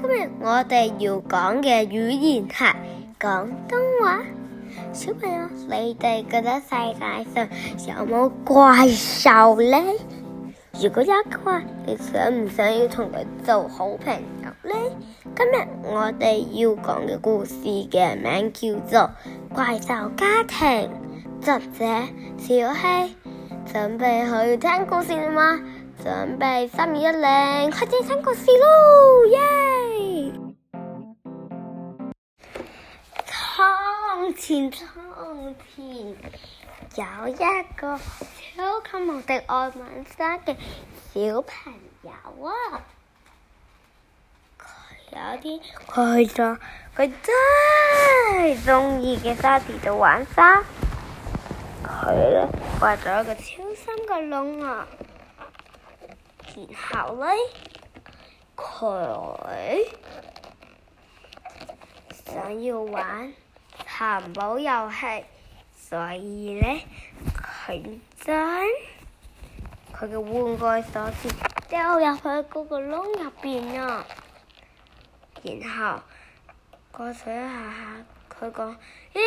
今日我哋要講嘅語言係廣東話。小朋友，你哋覺得世界上有冇怪獸呢？如果有嘅話，你想唔想要同佢做好朋友呢？今日我哋要講嘅故事嘅名叫做《怪獸家庭》，作者小希。準備去聽故事啦嘛！準備三二一零，開始聽故事咯！耶、yeah!！從前從前有一個超級無敵愛玩沙嘅小朋友啊！佢有天去咗佢最鍾意嘅沙地度玩沙，佢呢挖咗一個超深嘅窿啊！然後呢，佢想要玩尋寶遊戲，所以呢，佢真，佢嘅玩具鎖匙掉入去嗰個窿入邊啊！然後我睇下下，佢講：咦，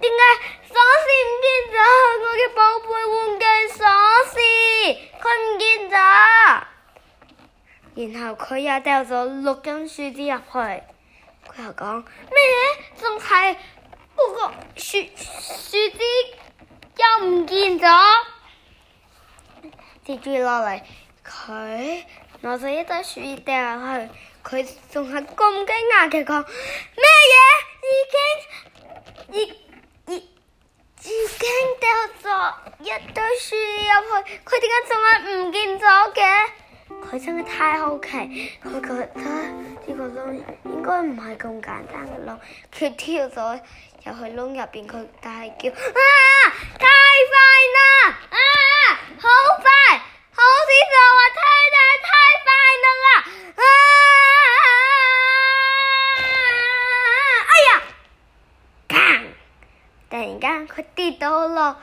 點解鎖匙唔見咗？我嘅寶貝玩具鎖匙，佢唔見咗。然後佢又掉咗六根樹枝入去，佢又講咩？仲係？不過雪雪啲又唔見咗，接住落嚟，佢攞咗一堆樹葉掉落去，佢仲係咁驚訝嘅講咩嘢？已經已已已經掉咗一堆樹葉入去，佢點解仲係唔見咗嘅？佢真係太好奇，佢覺得呢個都應該唔係咁簡單嘅窿，佢跳咗。又去窿入邊，佢大叫啊！太快啦！啊，好快，好死傻啊！太太太快啦！啊！哎呀，砰！突然間佢跌到落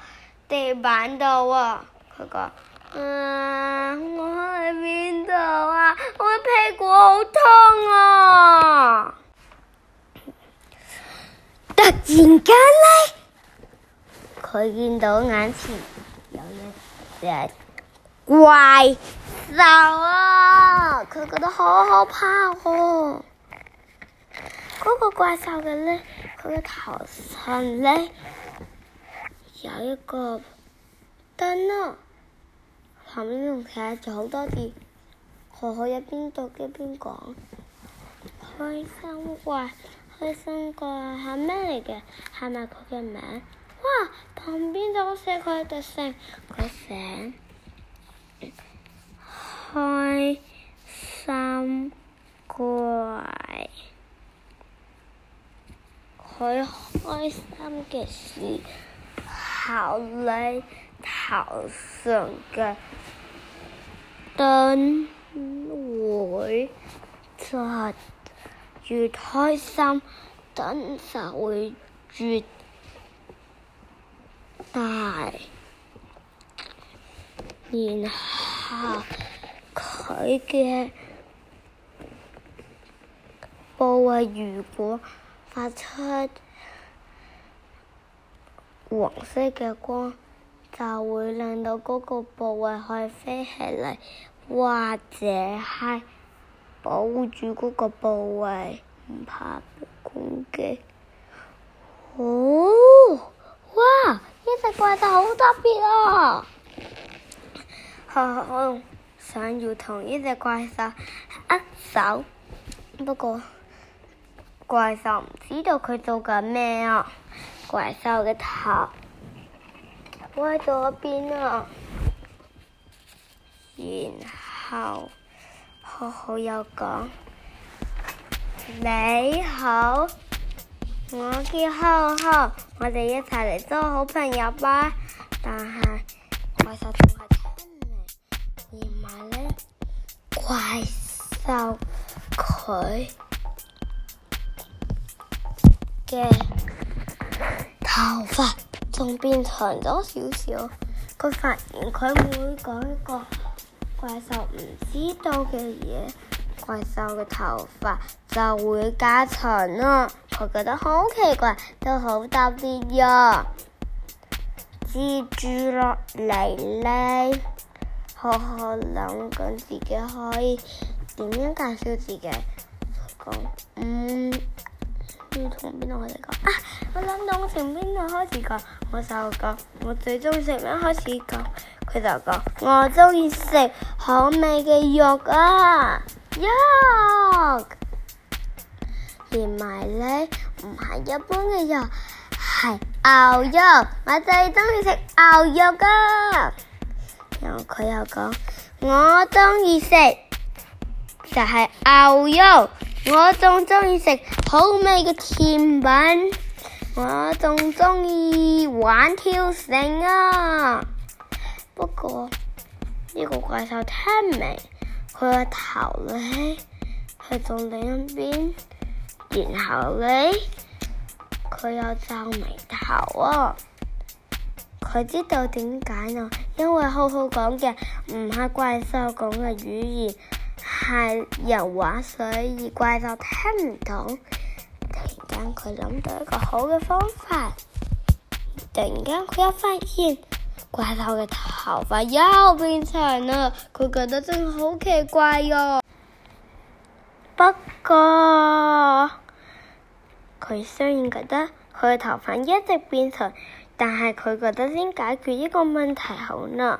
地板度啊！佢講：，啊，我喺邊度啊？我屁股好痛啊！突然間咧，佢、啊、見到眼前有一隻怪獸啊！佢覺得好可怕哦。嗰個怪獸嘅咧，佢嘅頭上咧有一個燈籠，啊，旁邊仲寫就好多字。可可一邊讀一邊講，開心怪。開心怪係咩嚟嘅？係咪佢嘅名？哇！旁邊都寫佢嘅姓，佢名開心怪。佢開心嘅時候你頭上嘅燈會着。越開心，燈就會越大。然後佢嘅部位如果發出黃色嘅光，就會令到嗰個部位可以飛起嚟，或者係。保護住嗰個部位，唔怕被攻擊。哦，哇！呢隻怪獸好特別啊！我我想要同呢隻怪獸握手，不過怪獸唔知道佢做緊咩啊！怪獸嘅頭歪咗邊啊，然後。浩浩有講，你好，我叫浩浩，我哋一齊嚟做好朋友吧。但係怪獸佢嘅頭髮仲變長咗少少，佢發現佢會改過。怪獸唔知道嘅嘢，怪獸嘅頭髮就會加長咯，佢覺得好奇怪，都好特別呀，啊。接住落嚟呢，好好諗緊自己可以點樣介紹自己。佢，嗯，唔，同邊度我哋講？啊，我諗到我從邊度開始講，我就講我最中意食咩開始講。佢就講我鍾意食好味嘅肉啊，肉。連埋呢唔係一般嘅肉，係牛肉，我最鍾意食牛肉噶、啊。然後佢又講我鍾意食就係、是、牛肉，我仲鍾意食好味嘅甜品，我仲鍾意玩跳繩啊。不過呢、這個怪獸聽唔明，佢個頭呢，係向另一邊，然後呢，佢又皺眉頭啊！佢知道點解呢？因為浩浩講嘅唔係怪獸講嘅語言，係人話，所以怪獸聽唔懂。突然間佢諗到一個好嘅方法，突然間佢又發現。怪獸嘅頭髮又變長啦，佢覺得真係好奇怪喲、哦。不過佢雖然覺得佢嘅頭髮一直變長，但係佢覺得先解決呢個問題好呢。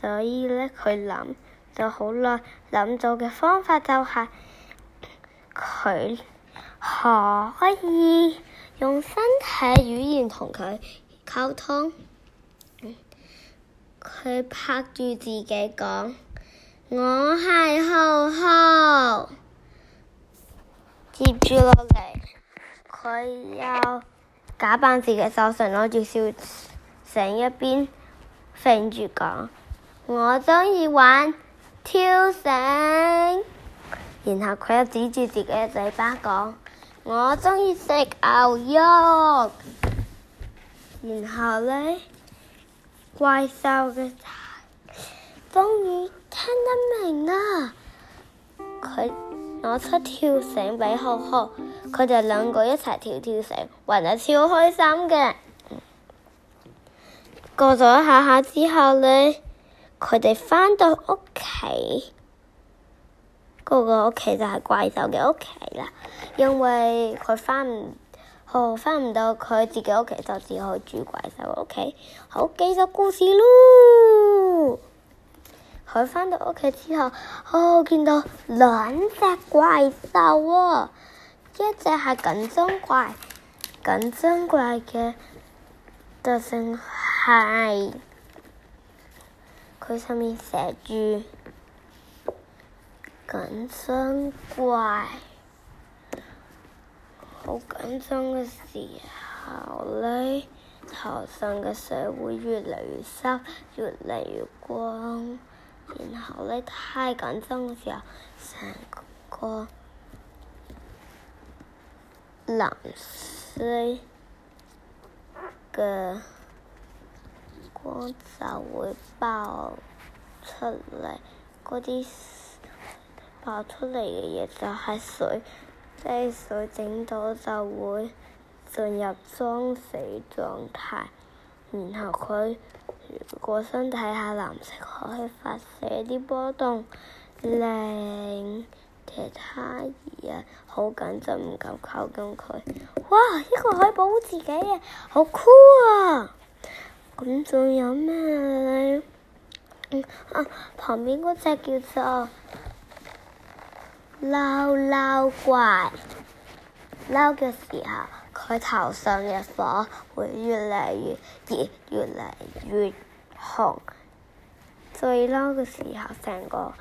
所以呢，佢諗就好啦。諗到嘅方法就係、是、佢可以用身體語言同佢。溝通，佢、嗯、拍住自己講： 我係浩浩。接住落嚟，佢又假扮自己手上攞住笑繩一邊瞓住講：我中意玩跳繩。 然後佢又指住自己嘅嘴巴講： 我中意食牛肉。然後呢，怪獸嘅仔終於聽得明啦，啊。佢攞出跳繩畀浩浩，佢哋兩個一齊跳跳繩，玩得超開心嘅。過咗一下下之後呢，佢哋翻到屋企，嗰個屋企就係怪獸嘅屋企啦，因為佢翻唔。哦，翻唔到佢自己屋企就只可以住怪獸屋。OK，好，繼續故事咯。佢翻到屋企之後，哦見到兩隻怪獸啊，一隻係緊張怪，緊張怪嘅特性係佢上面寫住緊張怪。好緊張嘅時候呢，頭上嘅水會越嚟越濕，越嚟越光。然後呢，太緊張嘅時候，成個藍色嘅光就會爆出嚟，嗰啲爆出嚟嘅嘢就係水。細水整到就會進入裝死狀態，然後佢個身體下藍色可以發射啲波動，令其他人好緊張，唔敢靠近佢。哇！呢個可以保護自己嘅，好 cool 啊！咁仲有咩咧？嗯啊，旁邊嗰隻叫做。撈撈怪撈嘅時候，佢頭上嘅火會越嚟越熱，越嚟越紅。最撈嘅時候，成個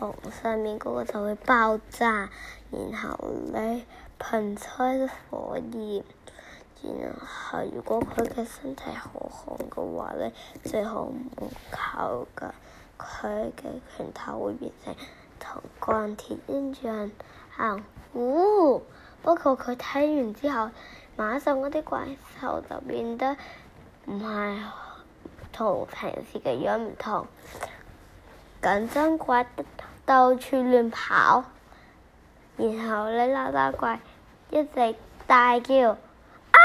紅上面嗰個就會爆炸，然後咧噴出火焰。然後如果佢嘅身體好紅嘅話咧，最好唔好靠近，佢嘅拳頭會變成。同鋼鐵英雄行，唔、哦、不過佢睇完之後，馬上嗰啲怪獸就變得唔係同平時嘅樣唔同，緊張怪到處亂跑，然後咧拉拉怪一直大叫啊，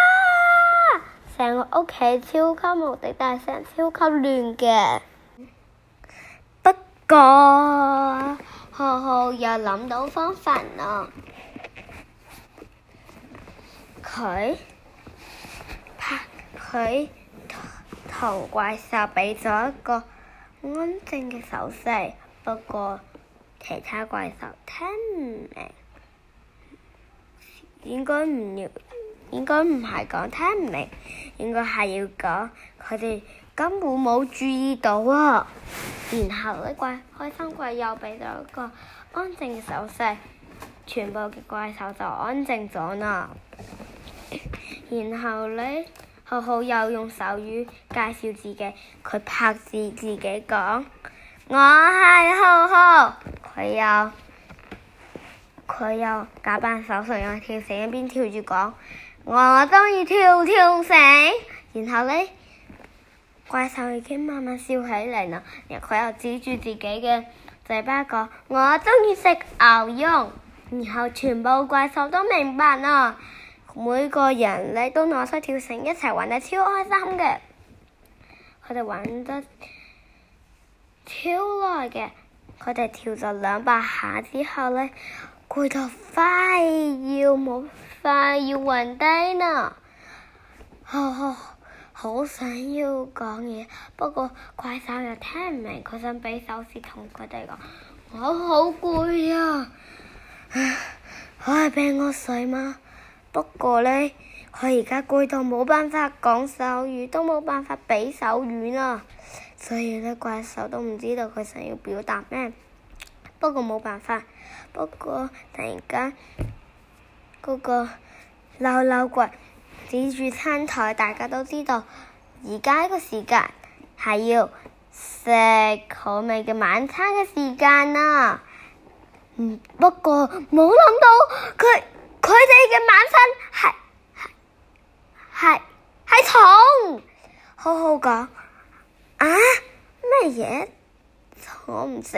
成個屋企超級無敵大聲，超級亂嘅。不過～浩浩又諗到方法啦！佢拍佢同怪獸畀咗一個安靜嘅手勢，不過其他怪獸聽唔明，應該唔要，應該唔係講聽唔明，應該係要講，佢哋根本冇注意到啊！然後呢，怪開心鬼又畀咗一個安靜嘅手勢，全部嘅怪獸就安靜咗啦。然後呢，浩浩又用手語介紹自己，佢拍字自己講：我係浩浩。佢又佢又假扮手勢，又跳繩一邊跳住講：我鍾意跳跳繩。然後呢。怪獸已經慢慢笑起嚟啦，然後佢又指住自己嘅嘴巴講：我鍾意食牛肉。然後全部怪獸都明白啦，每個人呢都攞出跳繩一齊玩得超開心嘅。佢哋玩得超耐嘅，佢哋跳咗兩百下之後呢，攰到快要冇，快要暈低啦。呵呵好想要講嘢，不過怪獸又聽唔明，佢想畀手勢同佢哋講，我好攰啊，可以畀我水嗎？不過呢，我而家攰到冇辦法講手語，都冇辦法畀手語啦，所以咧怪獸都唔知道佢想要表達咩，不過冇辦法，不過突然間嗰個老老怪。睇住餐台，大家都知道，而家嘅時間係要食好味嘅晚餐嘅時間啦。不過冇諗到佢佢哋嘅晚餐係係係蟲，好好講啊！咩嘢？我唔食。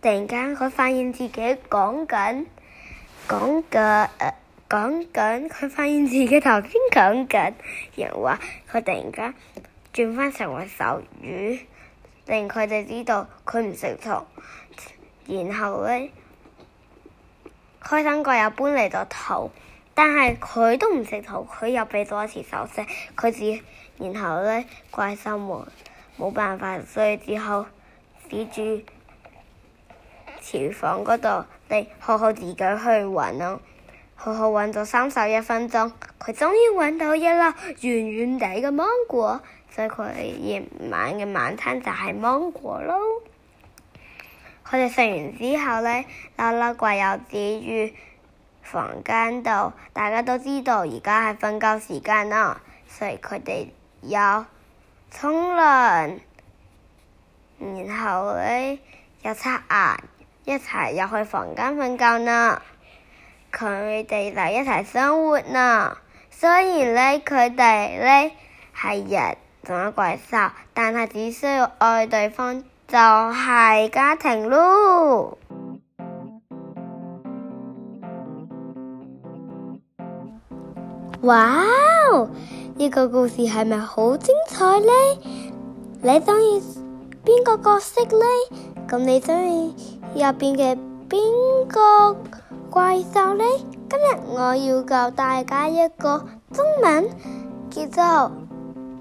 突然間，佢發現自己講緊講緊。講緊，佢發現自己頭先講緊人話，佢突然間轉翻成為手語，令佢哋知道佢唔食桃。然後咧，開心怪又搬嚟個桃，但係佢都唔食桃，佢又畀咗一次手勢，佢只然後咧怪獸們，冇辦法，所以只好指住廚房嗰度，你好好自己去揾咯。好好揾咗三十一分鐘，佢終於揾到一粒圓圓地嘅芒果，所以佢夜晚嘅晚餐就係芒果咯。佢哋食完之後咧，拉拉怪又指住房間度，大家都知道而家係瞓覺時間啦，所以佢哋要沖涼，然後咧又刷牙，一齊入去房間瞓覺啦。佢哋就一齊生活呢。雖然咧，佢哋咧係人仲有怪獸，但係只需要愛對方就係、是、家庭咯。哇！呢個故事係咪好精彩咧？你中意邊個角色咧？咁你中意入邊嘅邊個？怪獸呢？今日我要教大家一個中文，叫做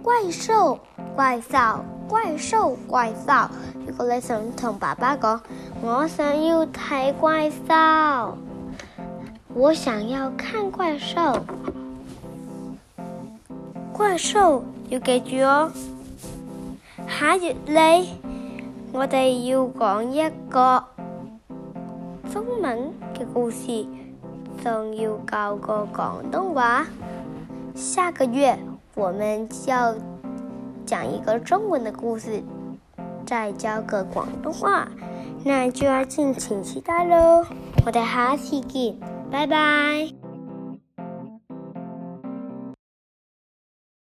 怪獸，怪獸，怪獸，怪獸。如果你想同爸爸講，我想要睇怪獸，我想要看怪獸，怪獸要記住哦。下月呢，我哋要講一個中文。嘅故事仲要教個廣東話，下個月我們要講一個中文的故事，再教個廣東話，那就要敬請期待咯。我哋下次見，拜拜。